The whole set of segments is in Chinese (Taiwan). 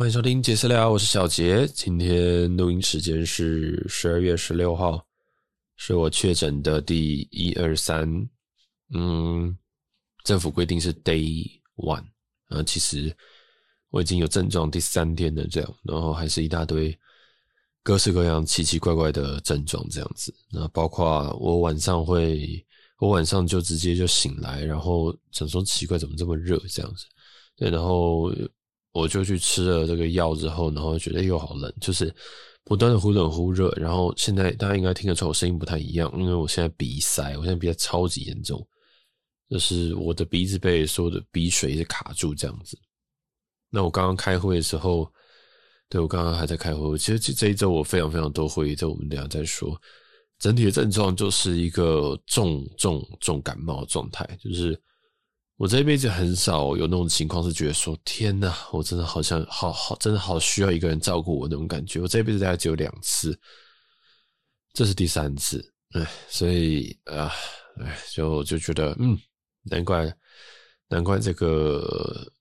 歡迎收聽爵士聊，我是小傑。今天錄音時間是十二月十六號，是我確診的第一二三，嗯，政府規定是 Day One 啊。其實我已經有症狀第三天了，這樣，然後還是一大堆各式各樣奇奇怪怪的症狀，這樣子。那包括我晚上會，我晚上就直接就醒來，然後想說奇怪，怎麼這麼熱這樣子？對，然後。我就去吃了這個藥之後，然後覺得、欸、又好冷，就是不斷的忽冷忽熱。然後現在大家應該聽得出我聲音不太一樣，因為我現在鼻塞，我現在鼻塞超級嚴重，就是我的鼻子被所有的鼻水一直卡住這樣子。那我剛剛開會的時候，對，我剛剛還在開會，其實這一週我非常非常多會議，就我們等下再說。整體的症狀就是一個重重重感冒的狀態，就是。我這一輩子很少有那種情況，是覺得說天哪，我真的好像好好，真的好需要一個人照顧我那種感覺。我這一輩子大概只有兩次，這是第三次，哎，所以啊，哎，就就覺得嗯，難怪，難怪這個，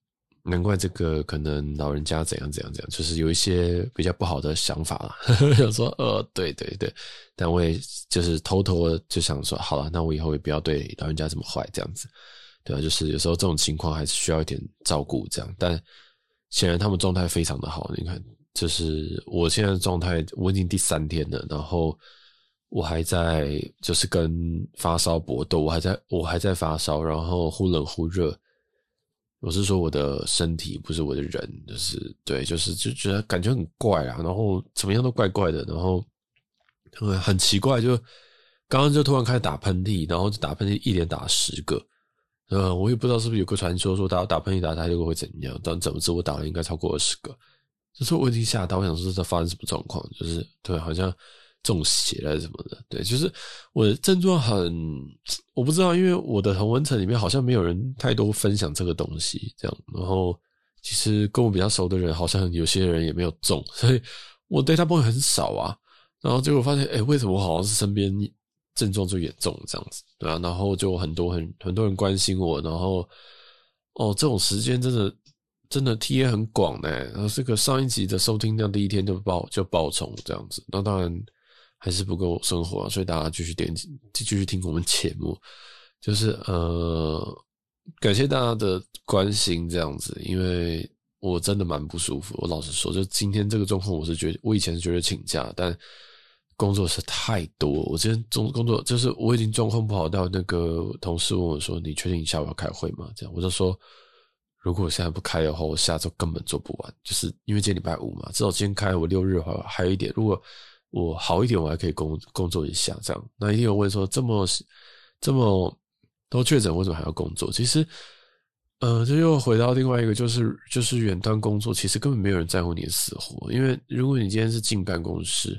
難怪這個，可能老人家怎樣怎樣怎樣，就是有一些比較不好的想法了、啊。 想說，呃、哦，對對對，但我也就是偷偷地就想說，好了，那我以後也不要對老人家這麼壞，這樣子。對啊，就是有時候這種情況還是需要一點照顧這樣。但顯然他們狀態非常的好，你看，就是我現在狀態，我已經第三天了，然後我還在就是跟發燒搏鬥，我還在我還在發燒，然後忽冷忽熱。我是說我的身體不是我的人，就是對，就是就覺得感覺很怪啊，然後怎麼樣都怪怪的，然後很奇怪，就剛剛就突然開始打噴嚏，然後打噴嚏，打噴嚏一連打十個。呃，我也不知道是不是有個傳說說打，打打噴嚏打太多會怎樣？但怎麼知我打了應該超過二十個，就是說我已經嚇到，我想說，這發生什麼狀況？就是對，好像中邪了什麼的。對，就是我的症狀很，我不知道，因為我的同溫層裡面好像沒有人太多分享這個東西，這樣。然後其實跟我比較熟的人，好像有些人也沒有中，所以我對他不會很少啊。然後結果發現，哎、欸，為什麼我好像是身邊？症狀最嚴重這樣子、啊，然後就很多很很多人關心我，然後哦，這種時間真的真的貼很廣哎、欸，然後這個上一集的收聽量第一天就爆就爆衝這樣子，那當然還是不夠生活、啊，所以大家繼續點繼續聽我們節目，就是呃，感謝大家的關心這樣子，因為我真的蠻不舒服，我老實說，就今天這個狀況，我是覺得我以前是覺得請假，但。工作是太多，我今天中工作就是我已經狀況不好到那個同事問我說：“你確定你下午要開會嗎？”這樣我就說：“如果我現在不開的話，我下周根本做不完。”就是因為今天禮拜五嘛，至少今天開我六日的話，還有一點。如果我好一點，我還可以工工作一下這樣。那一定有問說：“這麼這麼多確診，為什麼還要工作？”其實，呃，這又回到另外一個，就是，就是就是遠端工作，其實根本沒有人在乎你的死活，因為如果你今天是進辦公室。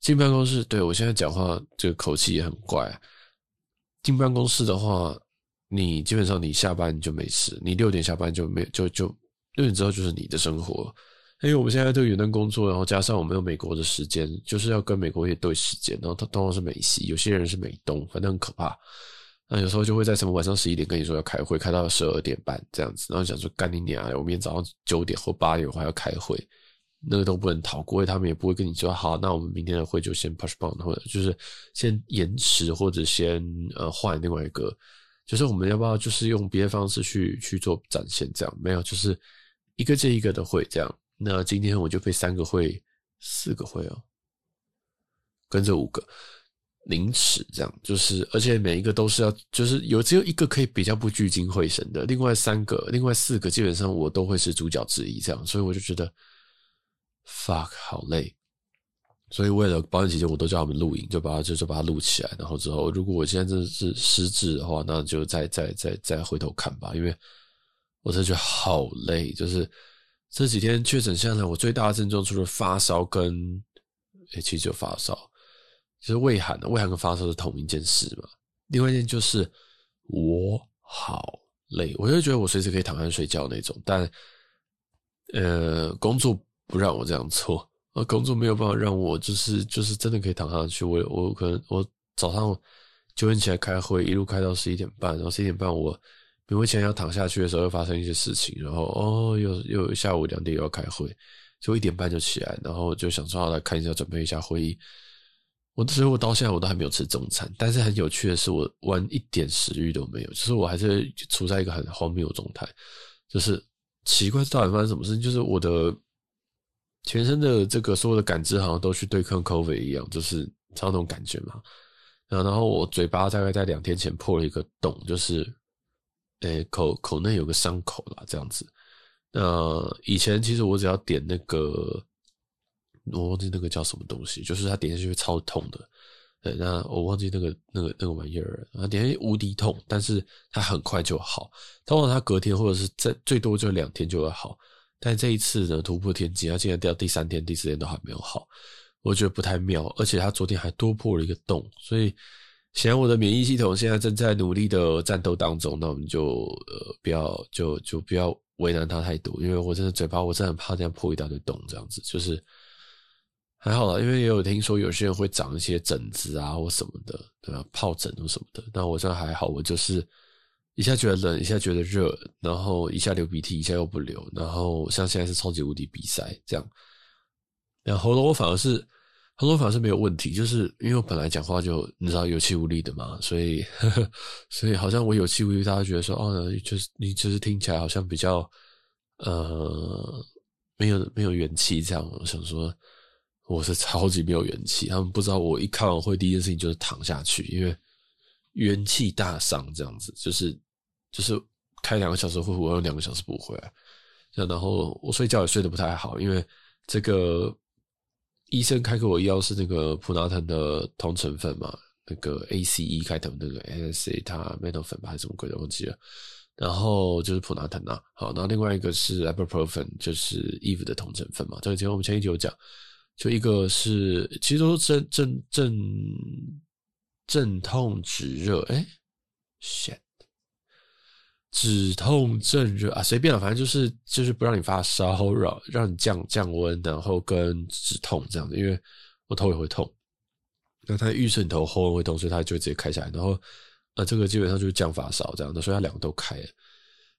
進辦公室，對，我現在講話這個口氣也很怪，啊。進辦公室的話，你基本上你下班你就沒事，你六點下班就沒有就就六點之後就是你的生活。因，欸、為我們現在這個雲端工作，然後加上我們有美國的時間，就是要跟美國也對時間，然後他通常是美西，有些人是美東，反正很可怕。那有時候就會在什麼晚上十一點跟你說要開會，開到十二點半這樣子，然後想說幹你娘！我明天早上九點或八點我還要開會。那個都不能逃過，他們也不會跟你說好，那我們明天的會就先 push back，或者就是先延遲，或者先呃換另外一個，就是我們要不要就是用別的方式去去做展現？這樣沒有，就是一個接一個的會這樣。那今天我就配三個會、四個會哦、喔，跟着五個凌遲這樣，就是而且每一個都是要，就是有只有一個可以比較不聚精會神的，另外三個、另外四個基本上我都會是主角之一這樣，所以我就覺得。fuck，好累，所以為了保險起見，我都叫他們錄影，就把它就是把它錄起來。然後之後，如果我現在真的是失智的話，那就再再再再回頭看吧。因為我真的覺得好累，就是這幾天確診下來，我最大的症狀除了發燒跟、欸、其實就發燒，就是胃寒，胃寒跟發燒是同一件事嘛。另外一件就是我好累，我就覺得我隨時可以躺下睡覺那種。但呃，工作。不讓我這樣做，呃，工作沒有辦法讓我就是就是真的可以躺上去。我我可能我早上九點起來開會，一路開到十一點半，然後十一點半我臨睡前面要躺下去的時候，會發生一些事情。然後哦，又又下午兩點又要開會，就一點半就起來，然後就想說好來看一下，準備一下會議。我所以，我到現在我都還沒有吃中餐。但是很有趣的是，我完全一點食慾都沒有，就是我還是處在一個很荒謬的狀態。就是奇怪，到底發生什麼事情？就是我的。全身的這個所有的感知好像都去對抗 COVID 一樣，就是超那種感覺嘛。然後我嘴巴大概在兩天前破了一個洞，就是、欸，誒口口內有個傷口啦，這樣子。那以前其實我只要點那個，我忘記那個叫什麼東西，就是它點下去會超痛的。對，那我忘記那個那個那個，那個，那個玩意兒它、啊、點下去無敵痛，但是它很快就好。通常它隔天或者是再最多就兩天就會好。但這一次呢，突破天際，他竟然掉到第三天、第四天都還沒有好，我覺得不太妙。而且他昨天還多破了一個洞，所以顯然我的免疫系統現在正在努力的戰鬥當中。那我們就呃，不要就就不要為難他太多，因為我真的嘴巴，我真的很怕這樣破一大堆洞，這樣子就是還好啦。因為也有聽說有些人會長一些疹子啊，或什麼的，對吧、啊？皰疹或什麼的，那我算還好，我就是。一下覺得冷，一下覺得熱，然後一下流鼻涕，一下又不流，然後像現在是超級無敵鼻塞這樣。然後喉嚨我反而是喉嚨反而是沒有問題，就是因為我本來講話就你知道有氣無力的嘛，所以呵呵。 所以好像我有氣無力，大家覺得說哦，就是你就是你就是聽起來好像比較呃沒有沒有元氣這樣。我想說我是超級沒有元氣，他們不知道我一開完會第一件事情就是躺下去，因為。元氣大傷、就是就是，這樣子就是就是開兩個小時會，我用兩個小時補回來。然後我睡覺也睡得不太好，因為這個醫生開給我藥是那個普拿疼的同成分嘛，那個 ACE 開頭那個 ACE t a l 粉吧還是什麼鬼的忘記了。然後就是普拿疼啊，好，然後另外一個是 ibuprofen，就是 Eve 的同成分嘛。這個其實我們前一集有講，就一個是其實都正正正。鎮痛止熱，哎、欸，shit，止痛鎮熱啊，隨便了，反正就是就是不讓你發燒，讓讓你降降溫，然後跟止痛這樣子。因為我頭也會痛，那它預測你頭後會痛，所以它就會直接開下來，然後啊，這個基本上就是降發燒這樣的，所以它兩個都開了，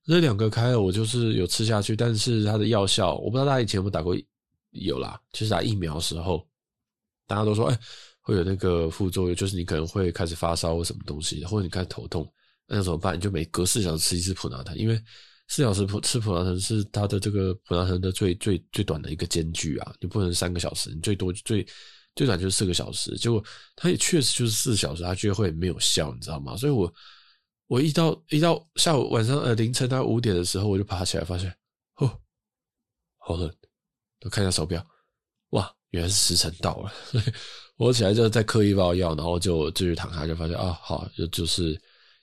這兩個開了我就是有吃下去，但是它的藥效，我不知道大家以前有沒有打過，有啦，就是打疫苗的時候，大家都說，哎、欸。會有那個副作用，就是你可能會開始發燒或什麼東西，或者你開始頭痛，那要怎麼辦？你就每隔四小時吃一次普拿疼，因為四小時普吃普拿疼是它的這個普拿疼的最最最短的一個間距啊，你不能三個小時，你最多最最短就是四個小時。結果他也確實就是四小時，他就會沒有效，你知道嗎？所以我我一到一到下午晚上呃凌晨大概五點的時候，我就爬起來發現哦好冷，我看一下手錶，哇！原來是時辰到了，所以我起來就再嗑一包藥，然後就繼續躺下，就發現啊，好，就就是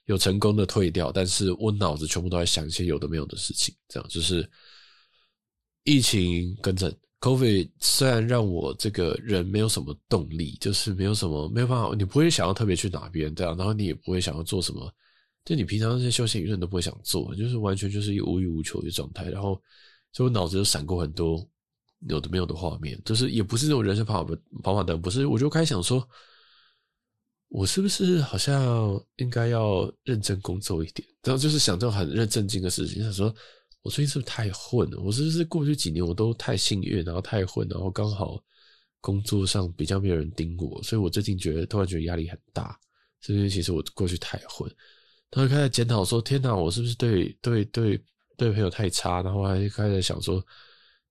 有成功的退掉，但是我腦子全部都在想一些有的沒有的事情，這樣就是疫情跟診，COVID 雖然讓我這個人沒有什麼動力，就是沒有什麼沒有辦法，你不會想要特別去哪邊這樣，然後你也不會想要做什麼，就你平常那些休閒娛樂你都不會想做，就是完全就是一無欲無求的狀態，然後所以我腦子就閃過很多，有的沒有的畫面，就是也不是那種人生跑馬跑馬燈，不是，我就開始想說，我是不是好像應該要認真工作一點？然後就是想這種很認真經的事情，想說我最近是不是太混了？我是不是過去幾年我都太幸運，然後太混，然後剛好工作上比較沒有人盯我，所以我最近覺得突然覺得壓力很大，是因為其實我過去太混，他就開始檢討說，天吶，我是不是對對對對對朋友太差？然後我還開始想說。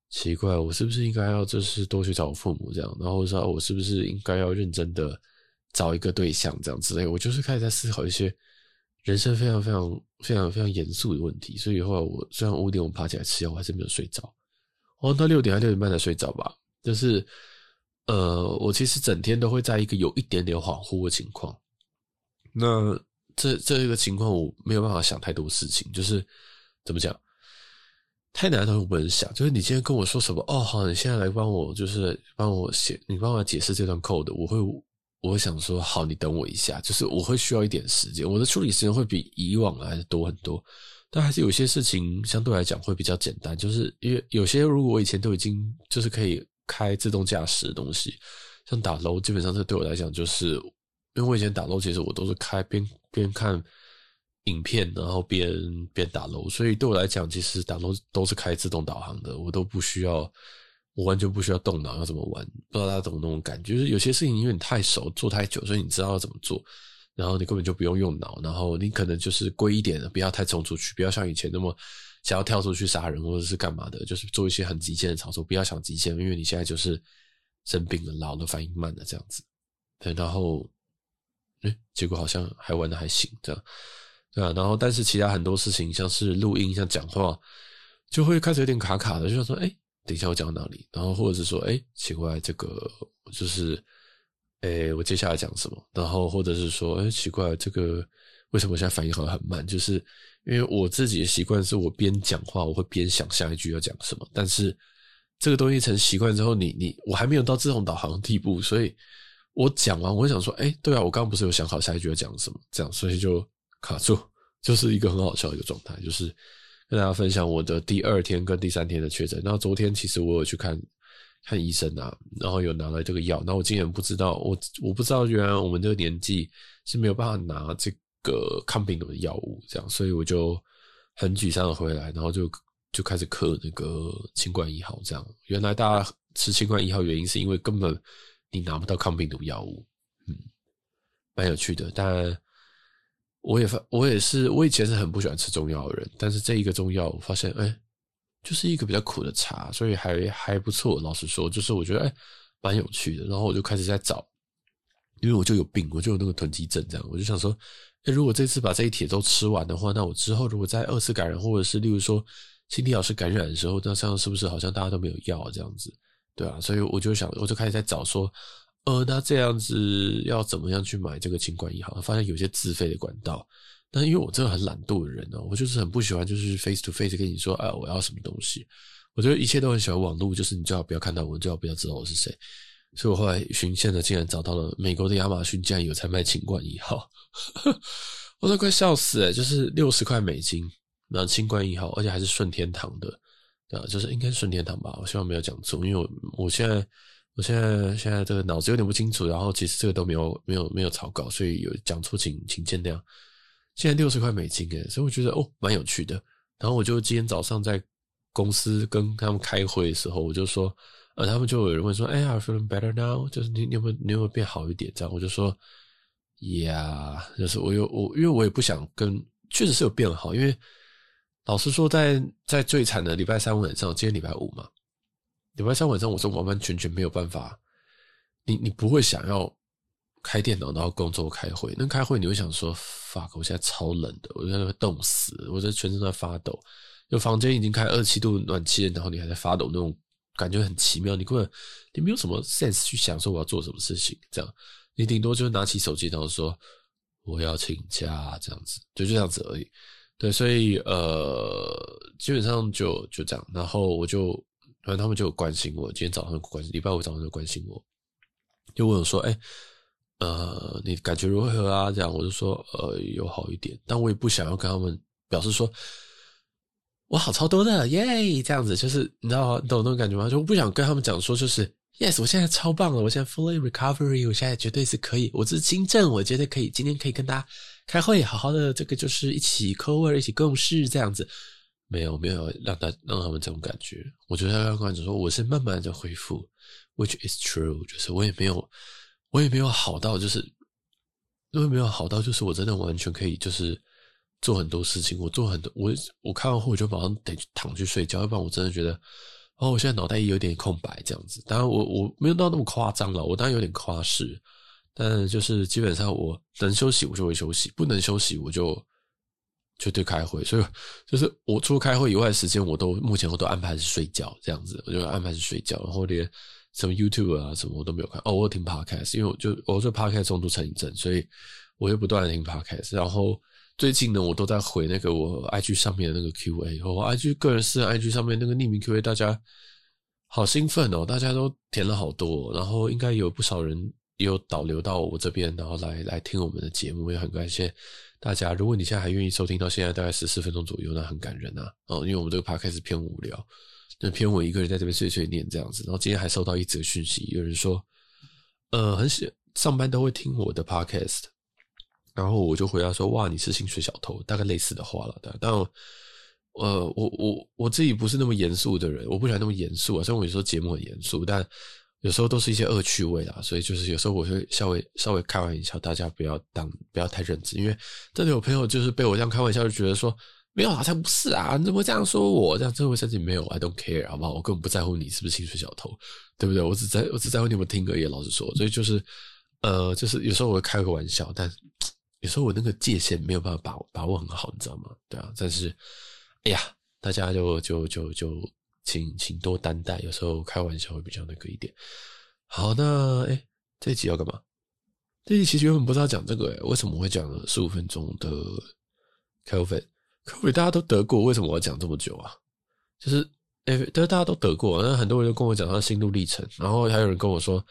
奇怪，我是不是應該要就是多去找我父母這樣？然後說，我是不是應該要認真的找一個對象這樣之類？我就是開始在思考一些人生非常非常非常非常嚴肅的問題。所以後來我雖然五點我爬起來吃藥，我還是沒有睡着。我到六點還六點半才睡着吧。就是呃，我其實整天都會在一個有一點點恍惚的情況。那這這一個情況，我沒有辦法想太多事情，就是怎麼講？太難了，我不能想。就是你今天跟我說什麼？哦，好，你現在來幫我，就是幫我解，你幫我解釋這段 code 的，我會，我會想說，好，你等我一下，就是我會需要一點時間，我的處理時間會比以往來得多很多，但還是有些事情相對來講會比較簡單，就是因為有些如果我以前都已經就是可以開自動駕駛的東西，像打樓，基本上這對我來講就是，因為我以前打樓其實我都是開邊邊看。影片，然後邊邊打樓，所以對我來講，其實打樓都是開自動導航的，我都不需要，我完全不需要動腦要怎麼玩。不知道大家怎麼那種感覺，就是有些事情因為你太熟，做太久，所以你知道要怎麼做，然後你根本就不用用腦，然後你可能就是龜一點的，不要太衝出去，不要像以前那麼想要跳出去殺人或者是幹嘛的，就是做一些很極限的操作，不要想極限，因為你現在就是生病了、老了、反應慢了這樣子。對，然後，哎，結果好像還玩得還行這樣。對啊，然後但是其他很多事情，像是錄音、像講話，就會開始有點卡卡的，就想說：哎，等一下我講到哪裡？然後或者是說：哎，奇怪，這個就是，哎，我接下來講什麼？然後或者是說：哎，奇怪，這個為什麼我現在反應好像很慢？就是因為我自己的習慣是我邊講話，我會邊想下一句要講什麼。但是這個東西成習慣之後，你你我還沒有到自動導航的地步，所以我講完，我想說：哎，對啊，我剛剛不是有想好下一句要講什麼？這樣，所以就。卡、啊、住就，就是一個很好笑的一個狀態，就是跟大家分享我的第二天跟第三天的確診。然後昨天其實我有去看看醫生啊，然後有拿來這個藥。那我竟然不知道，我我不知道，原來我們這個年紀是沒有辦法拿這個抗病毒的藥物，這樣，所以我就很沮喪的回來，然後就就開始嗑那個清冠一號。這樣，原來大家吃清冠一號原因是因為根本你拿不到抗病毒藥物，嗯，蠻有趣的，但。我也發，我也是，我以前是很不喜歡吃中藥的人，但是這一個中藥，我發現，哎、欸，就是一個比較苦的茶，所以還還不錯。老實說，就是我覺得，哎、欸，蠻有趣的。然後我就開始在找，因為我就有病，我就有那個囤積症這樣，我就想說，哎、欸，如果這次把這一帖都吃完的話，那我之後如果再二次感染，或者是例如說心理老師感染的時候，那像是不是好像大家都沒有藥這樣子？對啊，所以我就想，我就開始在找說。呃，那這樣子要怎麼樣去買這個清冠一號？發現有些自費的管道，但因為我真的很懶惰的人呢、喔，我就是很不喜歡就是 face to face 跟你說啊、哎，我要什麼東西。我覺得一切都很喜歡網絡，就是你最好不要看到我，最好不要知道我是誰。所以我後來尋線的竟然找到了美國的亞馬遜，竟然有在賣清冠一號， 我都快笑死誒、欸，就是六十塊美金，然後清冠一號，而且還是順天堂的，對，就是應該順天堂吧，我希望沒有講錯，因為我我現在。我現在現在這個腦子有點不清楚，然後其實這個都沒有沒有沒有草稿，所以有講錯，請請見諒。現在六十塊美金誒，所以我覺得哦蠻有趣的。然後我就今天早上在公司跟他們開會的時候，我就說，呃，他們就有人問說，哎呀，feeling better now？就是你你有沒有你有沒有變好一點？這樣我就說，呀、yeah，就是我有我，因為我也不想跟，確實是有變好，因為老實說在，在在最慘的禮拜三晚上，今天禮拜五嘛。禮拜三晚上，我是完完全全沒有辦法你。你你不會想要開電腦然後工作開會，那開會你會想說：“fuck，我現在超冷的，我現在會凍死，我在全身都在發抖。”就房間已經開二七度暖氣，然後你還在發抖，那種感覺很奇妙。你根本你沒有什麼 sense 去想說我要做什麼事情，這樣你頂多就拿起手機然後說：“我要請假。”這樣子就就這樣子而已。對，所以呃，基本上就就這樣，然後我就。反正他們就關心我，今天早上關心，禮拜五早上就關心我，就問我說：“哎、欸，呃，你感覺如何啊？”這樣我就說：“呃，有好一點。”但我也不想要跟他們表示說：“我好超多的耶！”這樣子，就是你知道嗎，懂那種感覺嗎？就我不想跟他們講說：“就是 yes，我現在超棒了，我現在 fully recovery，我現在絕對是可以，我是精正，我絕對可以，今天可以跟大家開會，好好的，這個就是一起 collaborate，一起共事這樣子。”沒有沒有讓他讓他們這種感覺，我覺得要讓觀眾說我是慢慢的恢復，which is true，就是我也沒有我也沒有好到，就是因為沒有好到，就是我真的完全可以就是做很多事情，我做很多我我看完後我就馬上得去躺去睡覺，要不然我真的覺得哦我現在腦袋也有點空白這樣子。當然我我沒有到那麼誇張了，我當然有點誇飾，但就是基本上我能休息我就會休息，不能休息我就。就對，開會，所以就是我除開會以外的時間，我都目前我都安排是睡覺這樣子，我就安排是睡覺，然後連什麼 YouTube 啊什麼我都沒有看，哦，我要聽 Podcast，因為我就我做 Podcast 重度成癮症，所以我又不斷的聽 Podcast。然後最近呢，我都在回那個我 IG 上面的那個 QA，我 IG 個人私的 IG 上面那個匿名 QA，大家好興奮哦，大家都填了好多哦，然後應該有不少人也有導流到我這邊，然後來來聽我們的節目，也很感謝。大家，如果你現在還願意收聽到現在大概十四分鐘左右，那很感人啊。嗯，因為我們這個 podcast 偏無聊，就是偏我一個人在這邊碎碎念這樣子。然後今天還收到一則訊息，有人說，呃，很喜上班都會聽我的 podcast，然後我就回答說，哇，你是薪水小偷，大概類似的話了。但，呃，我我我自己不是那麼嚴肅的人，我不喜歡那麼嚴肅啊。雖然我有時候節目很嚴肅，但。.有時候都是一些惡趣味啦、啊，所以就是有時候我會稍微稍微開玩笑，大家不要當不要太認真，因為真的有朋友就是被我這樣開玩笑就覺得說沒有啊，好像不是啊，你怎麼會這樣說我？這樣真的我相信沒有，I don't care，好不好？我根本不在乎你是不是薪水小偷，對不對？我只在，我只在乎你們聽歌。也老實說，所以就是呃，就是有時候我會開個玩笑，但有時候我那個界限沒有辦法把把握很好，你知道嗎？對啊，但是哎呀，大家就就就就。就就請請多擔待，有時候開玩笑會比較那個一點。好，那哎、欸，這一集要幹嘛？這一集其實原本不是要講這個、欸，哎，為什麼會講十五分鐘的 Covid？Covid 大家都得過，為什麼我要講這麼久啊？就是哎，但、欸、大家都得過，那很多人都跟我講他的心路歷程，然後還有人跟我說，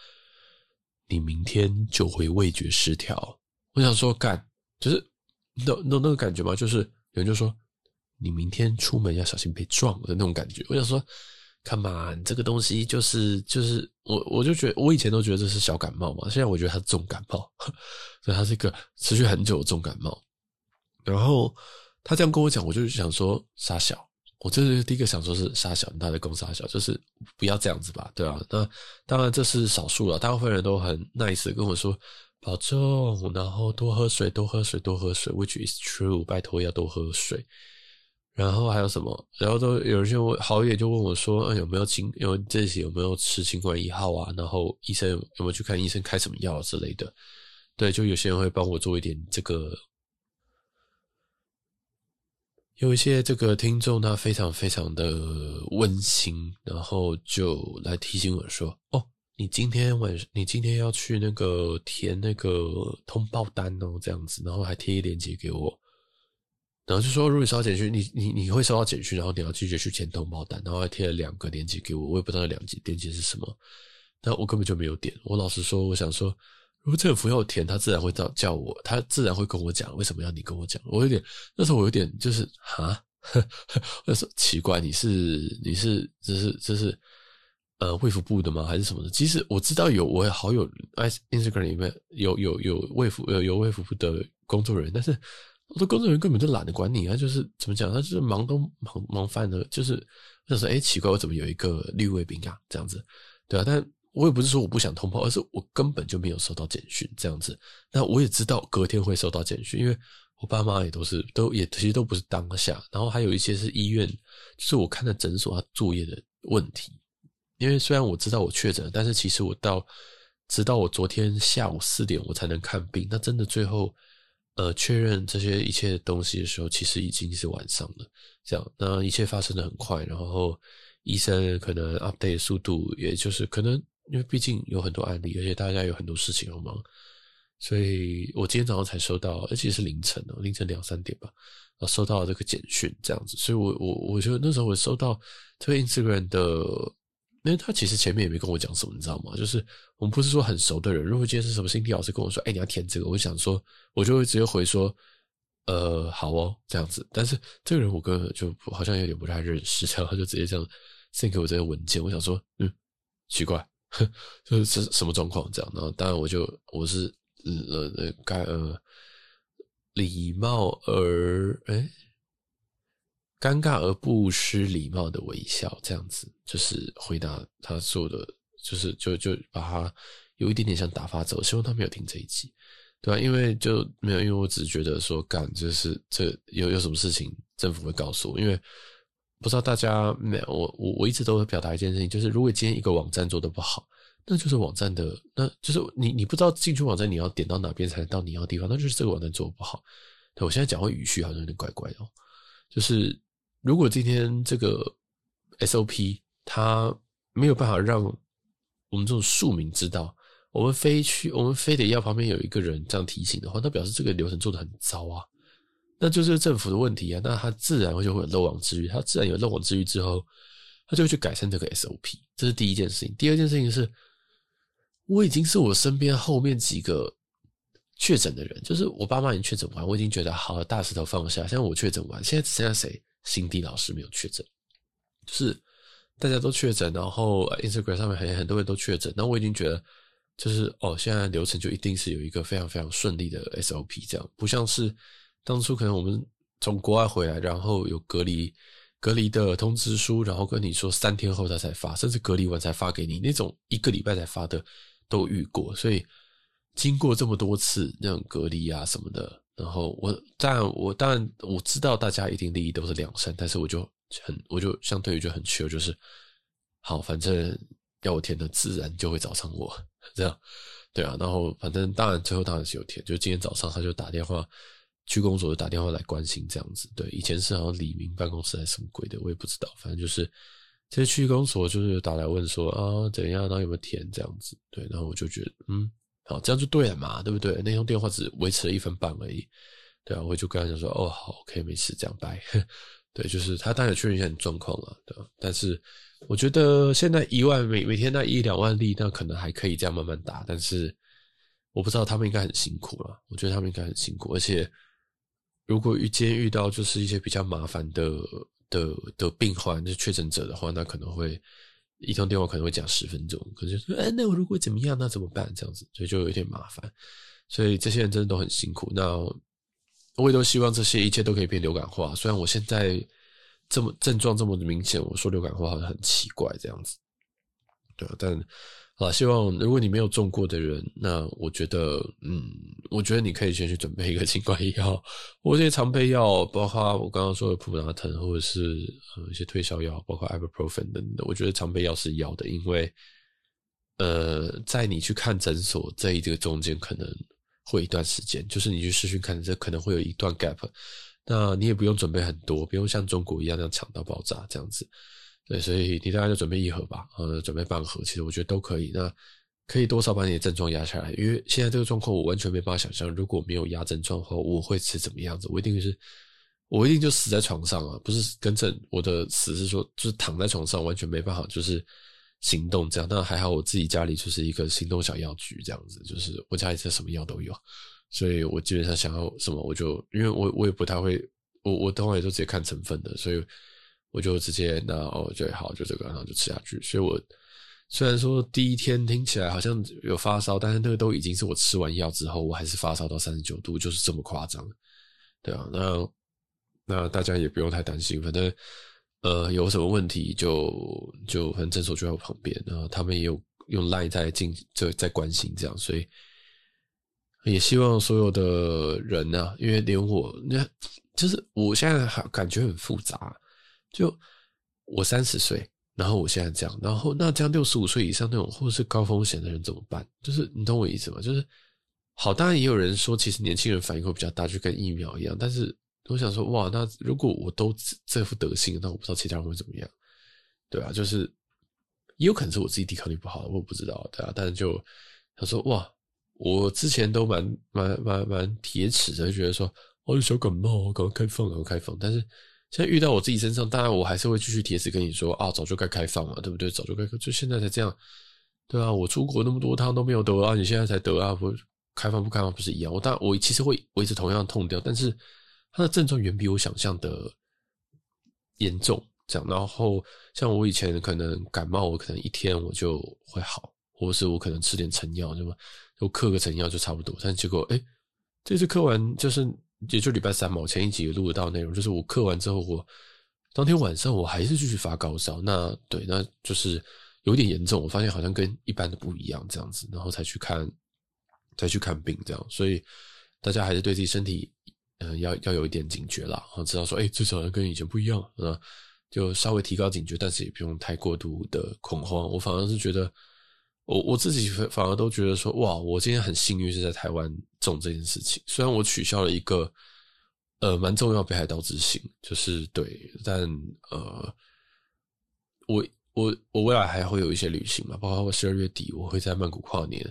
你明天就會味覺失調。我想說幹，就是你懂你懂那個感覺嗎，就是有人就說。你明天出門要小心被撞的那種感覺。我想說，come on，這個東西就是就是我我就覺得我以前都覺得這是小感冒嘛，現在我覺得它重感冒，所以它是一個持續很久的重感冒。然後他這樣跟我講，我就想說殺小，我就是第一個想說，是殺小，他的功殺小，就是不要這樣子吧，對吧、啊？那當然這是少數了，大部分人都很 nice 的跟我說保重，然後多喝水，多喝水，多喝水，Which is true，拜託要多喝水。然後還有什麼？然後都有人就，好一點就問我說：“哎、有沒有經因為這些有沒有吃清冠一號啊？”然後醫生有，有沒有去看醫生開什麼藥之類的？對，就有些人會幫我做一點這個。有一些這個聽眾他非常非常的溫馨，然後就來提醒我說：“哦，你今天晚你今天要去那個填那個通報單哦，這樣子。”然後還貼一鏈接給我。然後就說，如果你收到簡訊，你你你會收到簡訊，然後你要拒絕去簽通報單，然後還貼了兩個鏈接給我，我也不知道那兩個鏈接是什麼，但我根本就沒有點。我老實說，我想說，如果政府要填，他自然會叫我，他自然會跟我講，為什麼要你跟我講？我有點那時候我有點就是哈， 我就說奇怪，你是你是這是這是呃衛福部的嗎？還是什麼的？其實我知道有我好友 Instagram 裡面有有有衛福有衛福部的工作人但是。我的工作人員根本就懶得管你。啊，他就是怎麼講，他就是忙都忙忙翻了，就是那時候，哎、欸，奇怪，我怎麼有一個綠衛兵啊？這樣子，對啊，但我也不是說我不想通報，而是我根本就沒有收到簡訊這樣子。那我也知道隔天會收到簡訊，因為我爸媽也都是都也其實都不是當下。然後還有一些是醫院，就是我看的診所他作業的問題。因為雖然我知道我確診，但是其實我到直到我昨天下午四點我才能看病。那真的最後。呃，確認這些一切的東西的時候，其實已經是晚上了。這樣，那一切發生得很快，然後醫生可能 update 的速度，也就是可能因為畢竟有很多案例，而且大家有很多事情要忙，所以我今天早上才收到，而且是凌晨哦、喔，凌晨兩三點吧，收到這個簡訊這樣子。所以我我我覺得那時候我收到推 Instagram 的。因為他其實前面也沒跟我講什麼，你知道嗎？就是我們不是說很熟的人。如果今天是什麼心理老師跟我說：“哎、欸，你要填這個。”我想說，我就會直接回說：“呃，好哦，這樣子。”但是這個人我跟，就好像有點不太認識，然後就直接這樣 send 給我這些文件。我想說，嗯，奇怪，哼，就是什麼狀況？這樣，然後當然我就我是呃呃，該呃禮、呃、貌而哎。欸尷尬而不失禮貌的微笑，這樣子就是回答他說的，就是就就把他有一點點想打發走，希望他沒有聽這一集，對啊，因為就沒有，因為我只是覺得說，幹，就是這有有什麼事情，政府會告訴我，因為不知道大家沒有我，我我我一直都會表達一件事情，就是如果今天一個網站做得不好，那就是網站的，那就是你你不知道進去網站你要點到哪邊才能到你要的地方，那就是這個網站做得不好。我現在講話語序好像有點怪怪的哦，就是。如果今天這個 SOP 它沒有辦法讓我們這種庶民知道，我們非去我們非得要旁邊有一個人這樣提醒的話，那表示這個流程做得很糟啊，那就是政府的問題啊。那他自然就會有漏網之魚，他自然有漏網之魚之後，他就會去改善這個 SOP，這是第一件事情。第二件事情是，我已經是我身邊後面幾個確診的人，就是我爸媽已經確診完，我已經覺得好了，大石頭放下。現在我確診完，現在只剩下誰？新地老師沒有確診，就是大家都確診，然後 Instagram 上面很很多人都確診，那我已經覺得就是哦，現在流程就一定是有一個非常非常順利的 SOP 這樣，不像是當初可能我們從國外回來，然後有隔離隔離的通知書，然後跟你說三天後他才才發，甚至隔離完才發給你那種一個禮拜才發的都遇過，所以經過這麼多次那種隔離啊什麼的。然後我，但我當然我知道大家一定利益都是兩份，但是我就很，我就相對於就很 chill，就是好，反正要我填的自然就會找上我，這樣對啊。然後反正當然最後當然是有填，就今天早上他就打電話區公所就打電話來關心這樣子，對。以前是好像里民辦公室還是什麼鬼的，我也不知道。反正就是其實區公所就是有打來問說啊，怎樣，然後有沒有填這樣子，對。然後我就覺得嗯。好，這樣就對了嘛，對不對？那通電話只維持了一分半而已，對啊，我就跟他講說，哦，好，可以沒事，這樣拜。 對，就是他當然確認一下你狀況啊，對吧、啊？但是我覺得現在一萬每每天那一兩萬例，那可能還可以這樣慢慢打，但是我不知道他們應該很辛苦了，我覺得他們應該很辛苦，而且如果遇見遇到就是一些比較麻煩的的的病患，就是確診者的話，那可能會。一通電話可能會講十分鐘，可能就是說，哎、欸，那我如果怎麼樣，那怎麼辦？這樣子，所以就有點麻煩。所以這些人真的都很辛苦。那我也都希望這些一切都可以變流感化。雖然我現在這麼症狀這麼明顯，我說流感化好像很奇怪這樣子，對啊，但。好，希望如果你沒有中過的人，那我覺得，嗯，我覺得你可以先去準備一個清冠藥。我這些常備藥，包括我剛剛說的普,普拿疼，或者是呃一些退燒藥，包括 ibuprofen 等等。我覺得常備藥是要的，因為呃，在你去看診所在這個中間可能會一段時間，就是你去視訊看的時可能會有一段 gap。那你也不用準備很多，不用像中國一樣那樣搶到爆炸這樣子。對，所以你大概就準備一盒吧，呃、嗯，準備半盒，其實我覺得都可以。那可以多少把你的症狀壓下來，因為現在這個狀況，我完全沒辦法想象。如果沒有壓症狀的話，我會是怎麼樣子？我一定是，我一定就死在床上啊，不是跟症，我的死是說，就是躺在床上，完全沒辦法，就是行動這樣。那還好，我自己家裡就是一個行動小藥局這樣子，就是我家裡是什麼藥都有，所以我基本上想要什麼，我就因為我我也不太會，我我等會也就直接看成分的，所以。我就直接，那哦，就好，就這個，然後就吃下去。所以，我雖然說第一天聽起來好像有發燒，但是那個都已經是我吃完藥之後，我還是發燒到三十九度，就是這麼誇張，對啊。那那大家也不用太擔心，反正呃，有什麼問題就就反正診所就在我旁邊，然後他們也有用 line 在進在在關心這樣，所以也希望所有的人呢、啊，因為連我你看，就是我現在還感覺很複雜。就我三十歲，然後我現在這樣，然後那這樣六十五歲以上那種或者是高風險的人怎麼辦？就是你懂我意思嗎？就是好，當然也有人說，其實年輕人反應會比較大，就跟疫苗一樣。但是我想說，哇，那如果我都這副德行，那我不知道其他人會怎麼樣，對啊。就是也有可能是我自己抵抗力不好，我不知道，對啊。但是就想說，哇，我之前都蠻蠻蠻蠻鐵齒的，覺得說，哦，有小感冒，我趕快開放，趕快開放。但是。現在遇到我自己身上，當然我還是會繼續鐵齒跟你說啊，早就該開放了，啊，對不對？早就該開，就現在才這樣，對啊。我出國那麼多趟都沒有得啊，你現在才得啊？不，開放不開放不是一樣？我當然，我其實會維持同樣痛掉，但是它的症狀遠比我想象的嚴重這樣，然後像我以前可能感冒，我可能一天我就會好，或是我可能吃點成藥，什麼就嗑個成藥就差不多。但結果，哎、欸，這次嗑完就是。也就禮拜三嘛，我前一集也錄得到內容，就是我咳完之後我，我當天晚上我還是繼續發高燒，那對，那就是有點嚴重，我發現好像跟一般的不一樣這樣子，然後才去看，才去看病這樣，所以大家還是對自己身體，嗯、呃，要要有一點警覺啦，知道說，哎、欸，這好像跟以前不一樣，那就稍微提高警覺，但是也不用太過度的恐慌，我反而是覺得。我我自己反反而都覺得說，哇！我今天很幸運是在台灣中這件事情。雖然我取消了一個，呃，蠻重要北海道之行，就是對，但呃，我我我未來還會有一些旅行嘛，包括十二月底我會在曼谷跨年，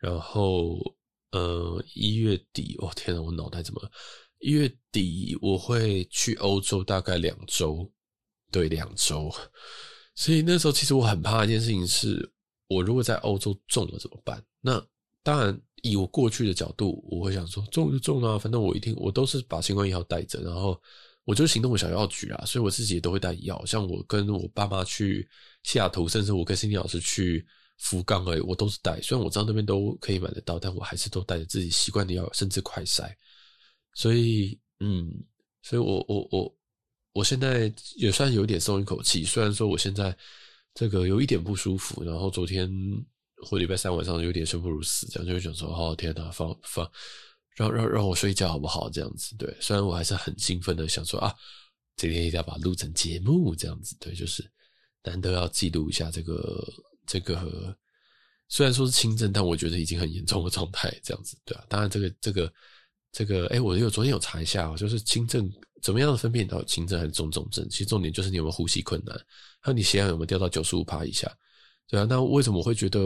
然後呃一月底，我、哦、天哪，我腦袋怎麼一月底我會去歐洲大概兩週，對，兩週。所以那時候其實我很怕一件事情是。我如果在歐洲中了怎麼辦？那當然，以我過去的角度，我會想說中就中啊，反正我一定我都是把新冠藥帶着，然後我就是行動小藥局啊，所以我自己也都會帶藥。像我跟我爸媽去西雅圖，甚至我跟 Sindy 老師去福岡而已，我都是帶。雖然我知道那邊都可以買得到，但我還是都帶着自己習慣的藥，甚至快篩。所以，嗯，所以我我我我現在也算有點鬆一口氣，雖然說我現在。這個有一點不舒服，然後昨天或禮拜三晚上有點生不如死，這樣就想說：哦天啊，放放，讓讓讓我睡覺好不好？這樣子對，雖然我還是很興奮的想說啊，今天一定要把它錄成節目，這樣子對，就是難得要記錄一下這個這個，雖然說是輕症，但我覺得已經很嚴重的狀態，這樣子，對啊，當然這個這個這個，哎、這個欸，我有昨天有查一下喔，就是輕症。怎麼樣的分辨到輕症還是重、重症？其實重點就是你有沒有呼吸困難，還有你血氧有沒有掉到九十五帕以下，對啊，那為什麼我會覺得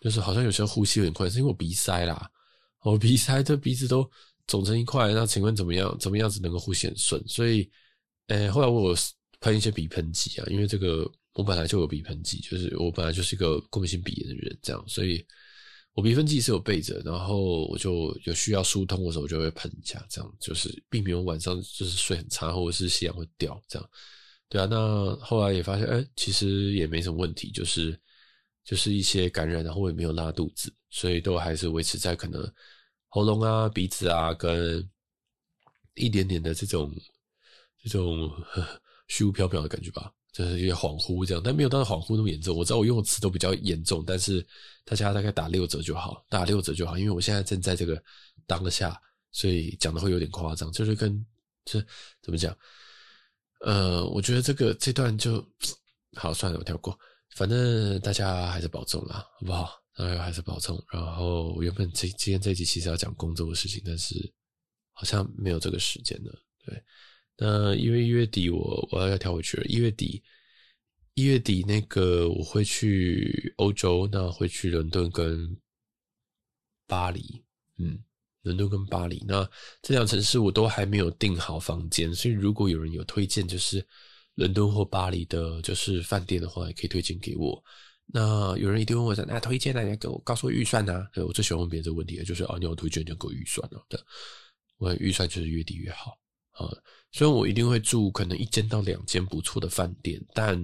就是好像有時候呼吸有點困難？是因為我鼻塞啦，我鼻塞，這鼻子都腫成一塊。那請問怎麼樣，怎麼樣子能夠呼吸很順？所以，呃、欸，後來我噴一些鼻噴劑啊，因為這個我本來就有鼻噴劑，就是我本來就是一個過敏性鼻炎的人，這樣，所以。我鼻噴劑是有備着，然後我就有需要疏通的時候，我就會噴一下，這樣就是避免我晚上就是睡很差，或者是血氧會掉，這樣，對啊。那後來也發現，哎、欸，其實也沒什麼問題，就是就是一些感染，然後我也沒有拉肚子，所以都還是維持在可能喉嚨啊、鼻子啊，跟一點點的這種這種虛無縹緲的感覺吧。就是有些恍惚這樣，但沒有到恍惚那麼嚴重。我知道我用的詞都比較嚴重，但是大家大概打六折就好，打六折就好。因為我現在正在這個當下，所以講的會有點誇張。就是跟，就是怎麼講？呃，我覺得這個這段就好算了，我跳過。反正大家還是保重啦，好不好？大家還是保重。然後我原本這今天這一集其實要講工作的事情，但是好像沒有這個時間了，對。那因為一月底我我要要調回去了，一月底一月底，那個我會去歐洲，那會去倫敦跟巴黎，嗯，倫敦跟巴黎，那這兩城市我都還沒有訂好房間，所以如果有人有推薦，就是倫敦或巴黎的，就是飯店的話，也可以推薦給我。那有人一定問我說，那、啊、推薦大家給我告訴我預算呢、啊？我最喜歡問別人這個問題了，就是哦、啊，你有推薦就給我預算了、啊、對我預算就是越低越好啊。好所以我一定會住可能一間到兩間不錯的飯店，但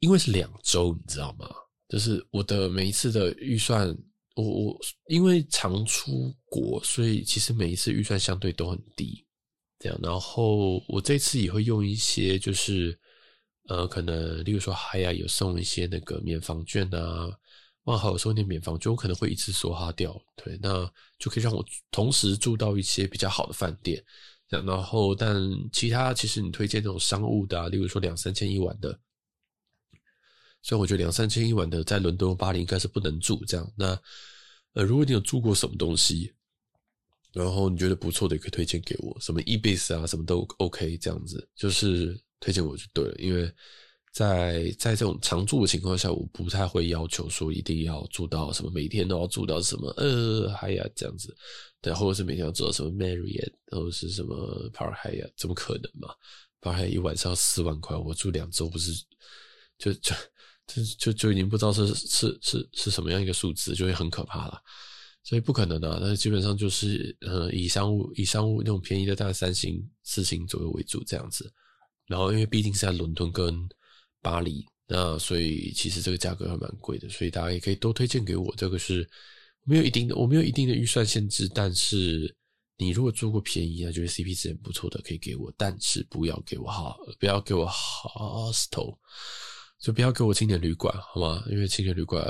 因為是兩週，你知道嗎？就是我的每一次的預算，我我因為常出國，所以其實每一次預算相對都很低，這樣。然後我這次也會用一些，就是呃，可能例如說，Hyatt 有送一些那個免房券啊，萬豪有送一點免房券，我可能會一次梭哈掉，對，那就可以讓我同時住到一些比較好的飯店。然後，但其他其實你推薦那種商務的、啊，例如說兩三千一晚的，所以我覺得兩三千一晚的在倫敦、巴黎應該是不能住這樣。那呃，如果你有住過什麼東西，然後你覺得不錯的，也可以推薦給我，什麼 Ibis 啊，什麼都 OK 這樣子，就是推薦我就對了，因為。在在這種常住的情況下，我不太會要求說一定要住到什麼每天都要住到什麼呃海雅，這樣子，對，或者是每天要住到什麼 Marriott，或者是什麼 Park 海雅，怎麼可能嘛？Park 海雅一晚上四萬塊，我住兩周不是就就就就就,就已經不知道是是是是什麼樣一個數字，就會很可怕了。所以不可能的、啊，但是基本上就是呃以商務以商務那種便宜的大概三星四星左右為主這樣子，然後因為畢竟是在倫敦跟。巴黎，那所以其實這個價格還蠻貴的，所以大家也可以多推薦給我。這個是沒有一定的，我沒有一定的預算限制。但是你如果租過便宜啊，那就是 CP 值很不錯的，可以給我，但是不要給我哈，不要給我 hostel，就不要給我青年旅館，好嗎？因為青年旅館，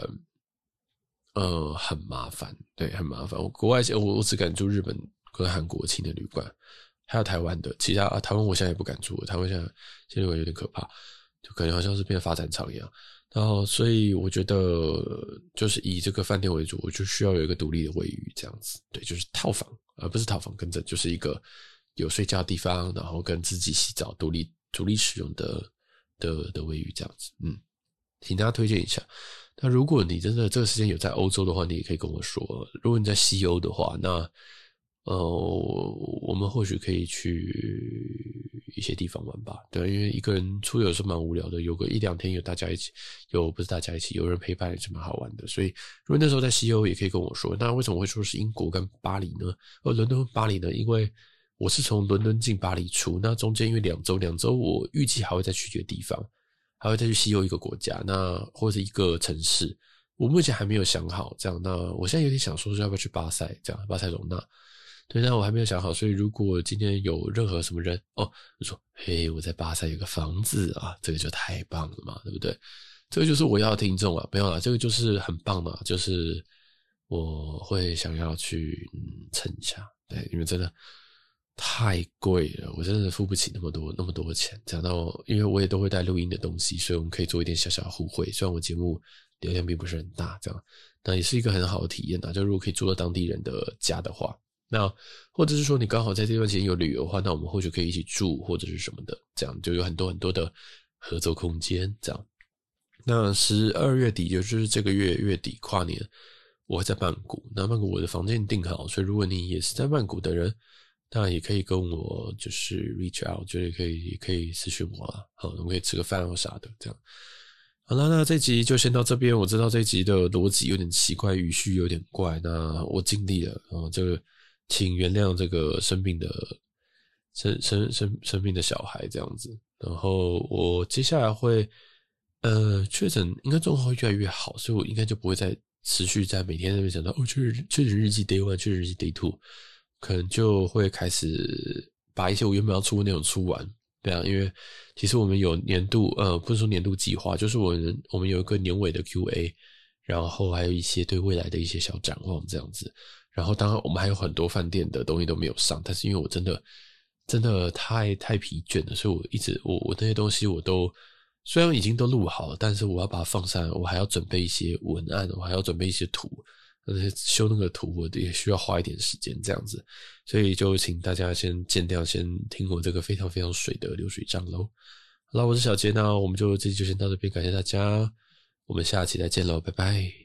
呃，很麻煩，對，很麻煩。我國外我我只敢住日本跟韓國青年旅館，還有台灣的，其他啊台灣我現在也不敢住，台灣現在青年旅館有點可怕。就可能好像是變成發展場一樣，然後所以我覺得就是以這個飯店為主，我就需要有一個獨立的衛浴，這樣子，對，就是套房，而不是套房跟着就是一個有睡覺的地方，然後跟自己洗澡獨立獨立使用的的的衛浴這樣子，嗯，請大家推薦一下。那如果你真的這個時間有在歐洲的話，你也可以跟我說。如果你在西歐的話，那。呃，我們或許可以去一些地方玩吧，對，因為一個人出遊是蠻無聊的，有個一兩天有大家一起，有不是大家一起有人陪伴也是蠻好玩的。所以，如果那時候在西歐，也可以跟我說。那為什麼會說是英國跟巴黎呢？呃，倫敦、巴黎呢？因為我是從倫敦進巴黎出，那中間因為兩周，兩周我預計還會再去一個地方，還會再去西歐一個國家，那或者一個城市，我目前還沒有想好。這樣，那我現在有點想說，是要不要去巴塞？這樣，巴塞羅那。對，但我還沒有想好。所以，如果今天有任何什麼人哦，我說嘿，我在巴塞有個房子啊，這個就太棒了嘛，對不對？這個就是我要的聽眾啊，沒有了，這個就是很棒嘛、啊。就是我會想要去，嗯，撐一下，對，因為真的太貴了，我真的付不起那麼多那麼多錢。講到，因為我也都會帶錄音的東西，所以我們可以做一點小小的互惠。雖然我節目流量並不是很大，這樣，但也是一個很好的體驗啊，就如果可以住到當地人的家的話。那或者是說你剛好在這段時間有旅遊的話，那我們或許可以一起住，或者是什麼的，這樣就有很多很多的合作空間。這樣，那十二月底，也就是這個月月底跨年，我會在曼谷。那曼谷我的房間訂好，所以如果你也是在曼谷的人，那也可以跟我就是 reach out，就是可以也可以私訊我啊，好，我們可以吃個飯或啥的。這樣好了，那這集就先到這邊。我知道這集的邏輯有點奇怪，語序有點怪，那我盡力了啊。這個。請原諒這個生病的，生生生生病的小孩這樣子。然後我接下來會，呃，確診應該狀況會越來越好，所以我應該就不會再持續在每天那邊講到哦，確診確診日記 Day One，確診日記 Day Two，可能就會開始把一些我原本要出的內容出完。這樣，對啊，因為其實我們有年度，呃，不是說年度計劃，就是我們我們有一個年尾的 QA，然後還有一些對未來的一些小展望這樣子。然後，當然，我們還有很多飯店的東西都沒有上，但是因為我真的真的太太疲倦了，所以我一直我我那些東西我都雖然已經都錄好了，但是我要把它放上，我還要準備一些文案，我還要準備一些圖，那些修那個圖我也需要花一點時間這樣子，所以就請大家先見諒，先聽我這個非常非常水的流水賬嘍。那我是小傑，那我們就這期就先到這邊，感謝大家，我們下期再見嘍，拜拜。